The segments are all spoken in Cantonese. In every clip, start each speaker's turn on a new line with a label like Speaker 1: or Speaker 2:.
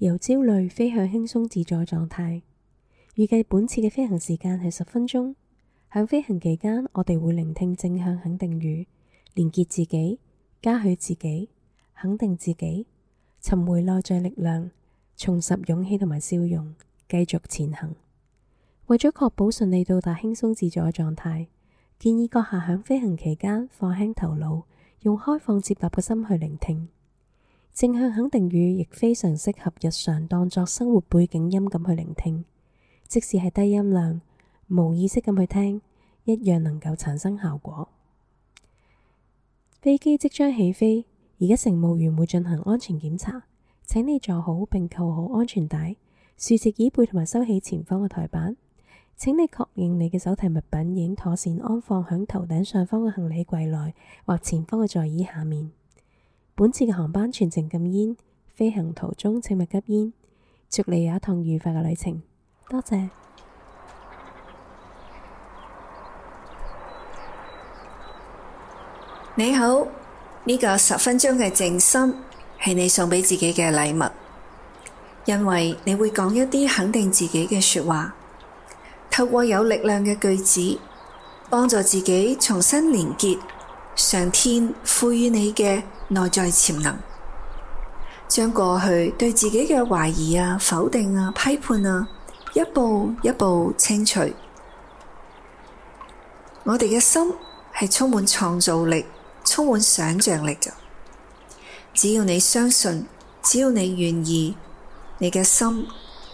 Speaker 1: 由焦慮飛向輕鬆自在狀態，預計本次嘅飛行時間係十分鐘。響飛行期間，我哋會聆聽正向肯定語，連結自己，加許自己，肯定自己，尋回內在力量，重拾勇氣同埋笑容，繼續前行。為咗確保順利到達輕鬆自在嘅狀態，建議閣下響飛行期間放輕頭腦，用開放接納嘅心去聆聽。正向肯定語亦非常適合日常當作生活背景音咁去聆聽，即使係低音量，無意識咁去聽，一樣能夠產生效果。飛機即將起飛，而家乘務員會進行安全檢查，請你坐好並扣好安全帶，豎直椅背同埋收起前方嘅台板，請你確認你嘅手提物品已經妥善安放喺頭頂上方嘅行李櫃內或前方嘅座椅下面。本次嘅航班全程禁煙，飛行途中請勿吸煙，祝你有一趟愉快嘅旅程。多謝。
Speaker 2: 你好，呢個十分鐘嘅靜心係你送畀自己嘅禮物，因為你會講一啲肯定自己嘅說話，透過有力量嘅句子，幫助自己重新連結上天賦予你嘅。內在潛能，將過去對自己嘅懷疑啊、否定啊、批判啊，一步一步清除。我哋嘅心係充滿創造力、充滿想象力嘅。只要你相信，只要你願意，你嘅心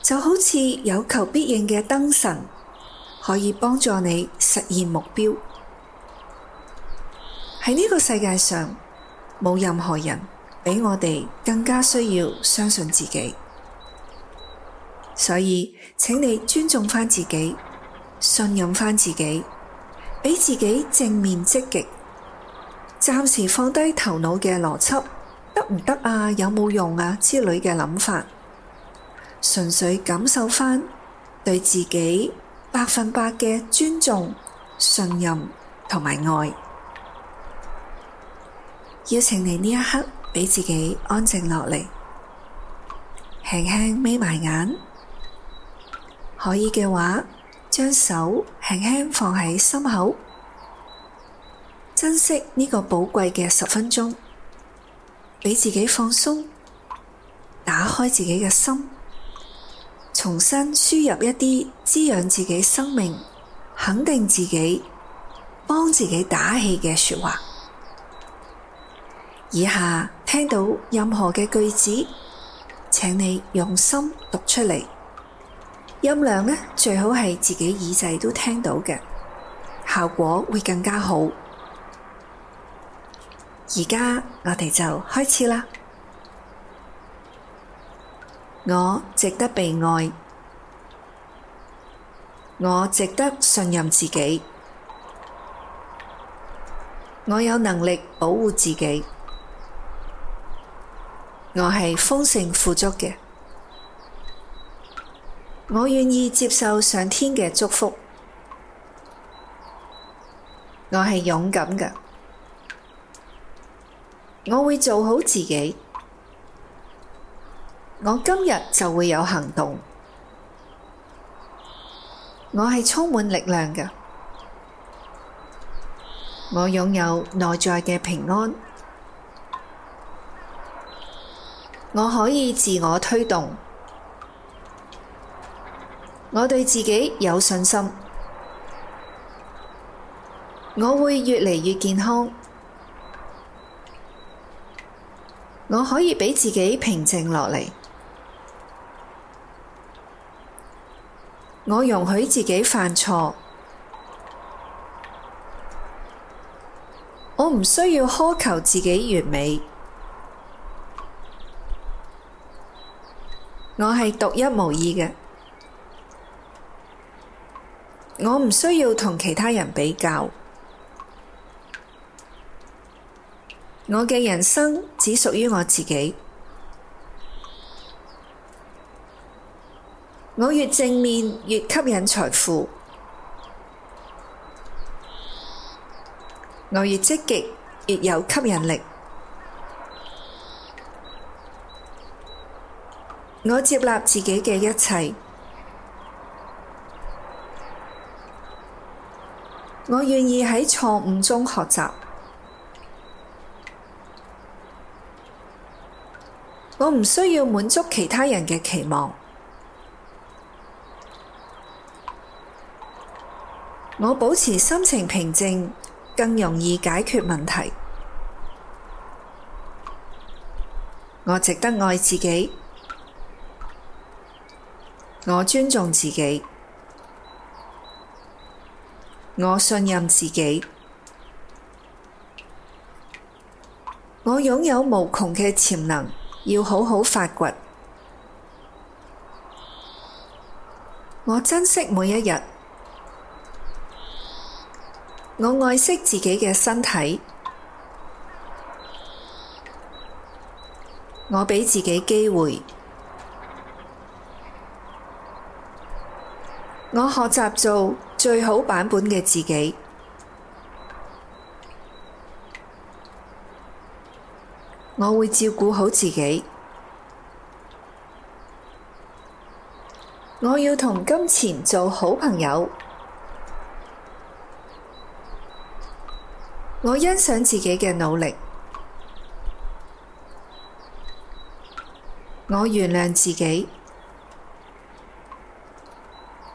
Speaker 2: 就好似有求必應嘅燈神，可以幫助你實現目標。喺呢個世界上。冇任何人比我哋更加需要相信自己，所以請你尊重翻自己，信任翻自己，畀自己正面積極，暫時放低頭腦嘅邏輯，得唔得啊？有冇用啊？之類嘅諗法，純粹感受翻對自己百分百嘅尊重、信任同埋愛。邀請你呢一刻畀自己安靜落嚟，輕輕眯埋眼，可以嘅話，將手輕輕放喺心口，珍惜呢個寶貴嘅十分鐘，畀自己放鬆，打開自己嘅心，重新輸入一啲滋養自己生命、肯定自己、幫自己打氣嘅說話。以下聽到任何嘅句子，請你用心讀出嚟，音量呢，最好係自己耳仔都聽到嘅，效果會更加好。而家我哋就開始喇。我值得被愛，我值得信任自己，我有能力保護自己。我係豐盛富足嘅，我願意接受上天嘅祝福。我係勇敢嘅，我會做好自己。我今日就會有行動。我係充滿力量嘅，我擁有內在嘅平安。我可以自我推動，我對自己有信心，我會越嚟越健康，我可以畀自己平靜落嚟，我容許自己犯錯，我唔需要苛求自己完美。我係獨一無二嘅，我唔需要同其他人比較，我嘅人生只屬於我自己。我越正面越吸引財富，我越積極越有吸引力。我接納自己嘅一切，我願意喺錯誤中學習，我唔需要滿足其他人嘅期望，我保持心情平靜，更容易解決問題，我值得愛自己。我尊重自己，我信任自己，我擁有無窮嘅潛能，要好好發掘。我珍惜每一日，我愛惜自己嘅身體，我畀自己機會。我學習做最好版本嘅自己，我會照顧好自己，我要同金錢做好朋友，我欣賞自己嘅努力，我原諒自己。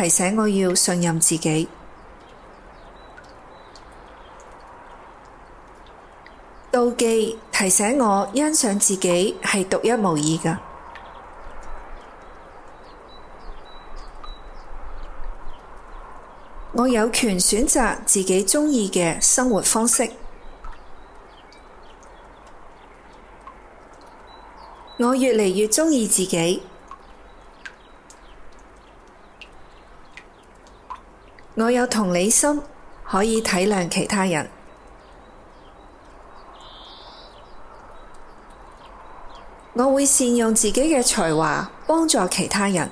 Speaker 2: 提醒我要信任自己，妒忌提醒我欣賞自己係獨一無二㗎。我有權選擇自己鍾意嘅生活方式。我越嚟越鍾意自己。我有同理心，可以體諒其他人。我會善用自己嘅才華幫助其他人。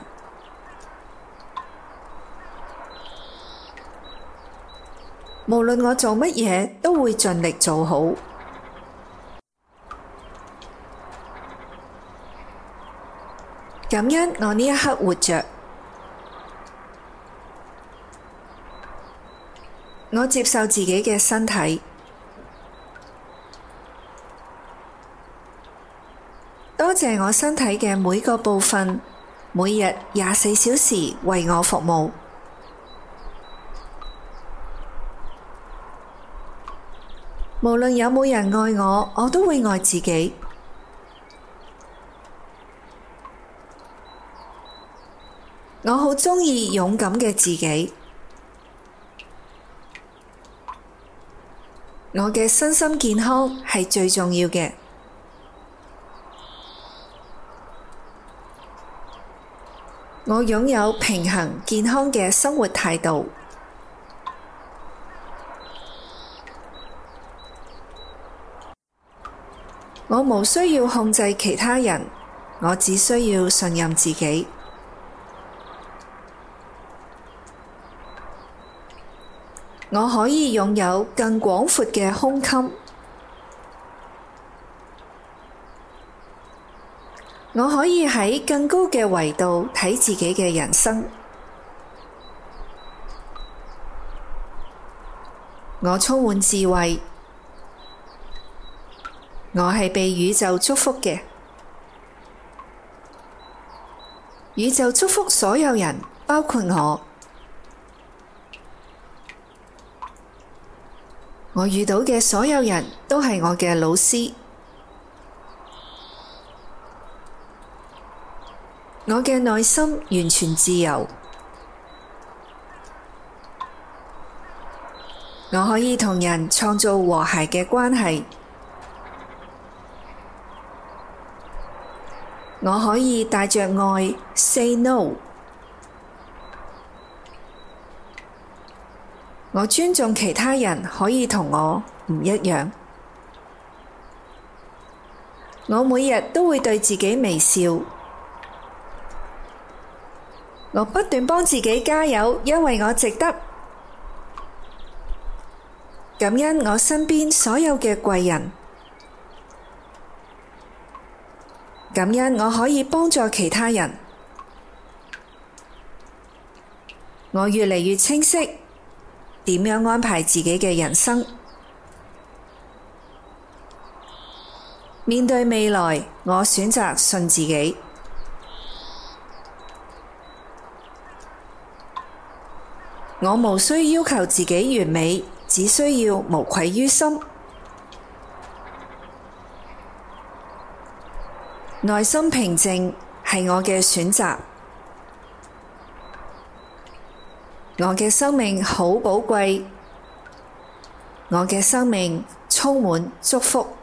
Speaker 2: 無論我做乜嘢，都會盡力做好。感恩我呢一刻活着。我接受自己嘅身體，多謝我身體嘅每個部分，每日廿四小時為我服務。無論有冇人愛我，我都會愛自己。我好鍾意勇敢嘅自己。我嘅身心健康係最重要嘅。我擁有平衡健康嘅生活態度。我冇需要控制其他人，我只需要信任自己。我可以擁有更廣闊嘅胸襟，我可以喺更高嘅維度睇自己嘅人生。我充滿智慧，我係被宇宙祝福嘅，宇宙祝福所有人，包括我。我遇到嘅所有人都係我嘅老師，我嘅內心完全自由，我可以同人創造和諧嘅關係，我可以帶着愛 Say No。我尊重其他人可以同我唔一樣。我每日都會對自己微笑。我不斷幫自己加油，因為我值得。感恩我身邊所有嘅貴人。感恩我可以幫助其他人。我越嚟越清晰。點樣安排自己嘅人生？面對未來，我選擇信自己。我無需要求自己完美，只需要無愧於心。內心平靜，係我嘅選擇。我嘅生命好寶貴，我嘅生命充滿祝福。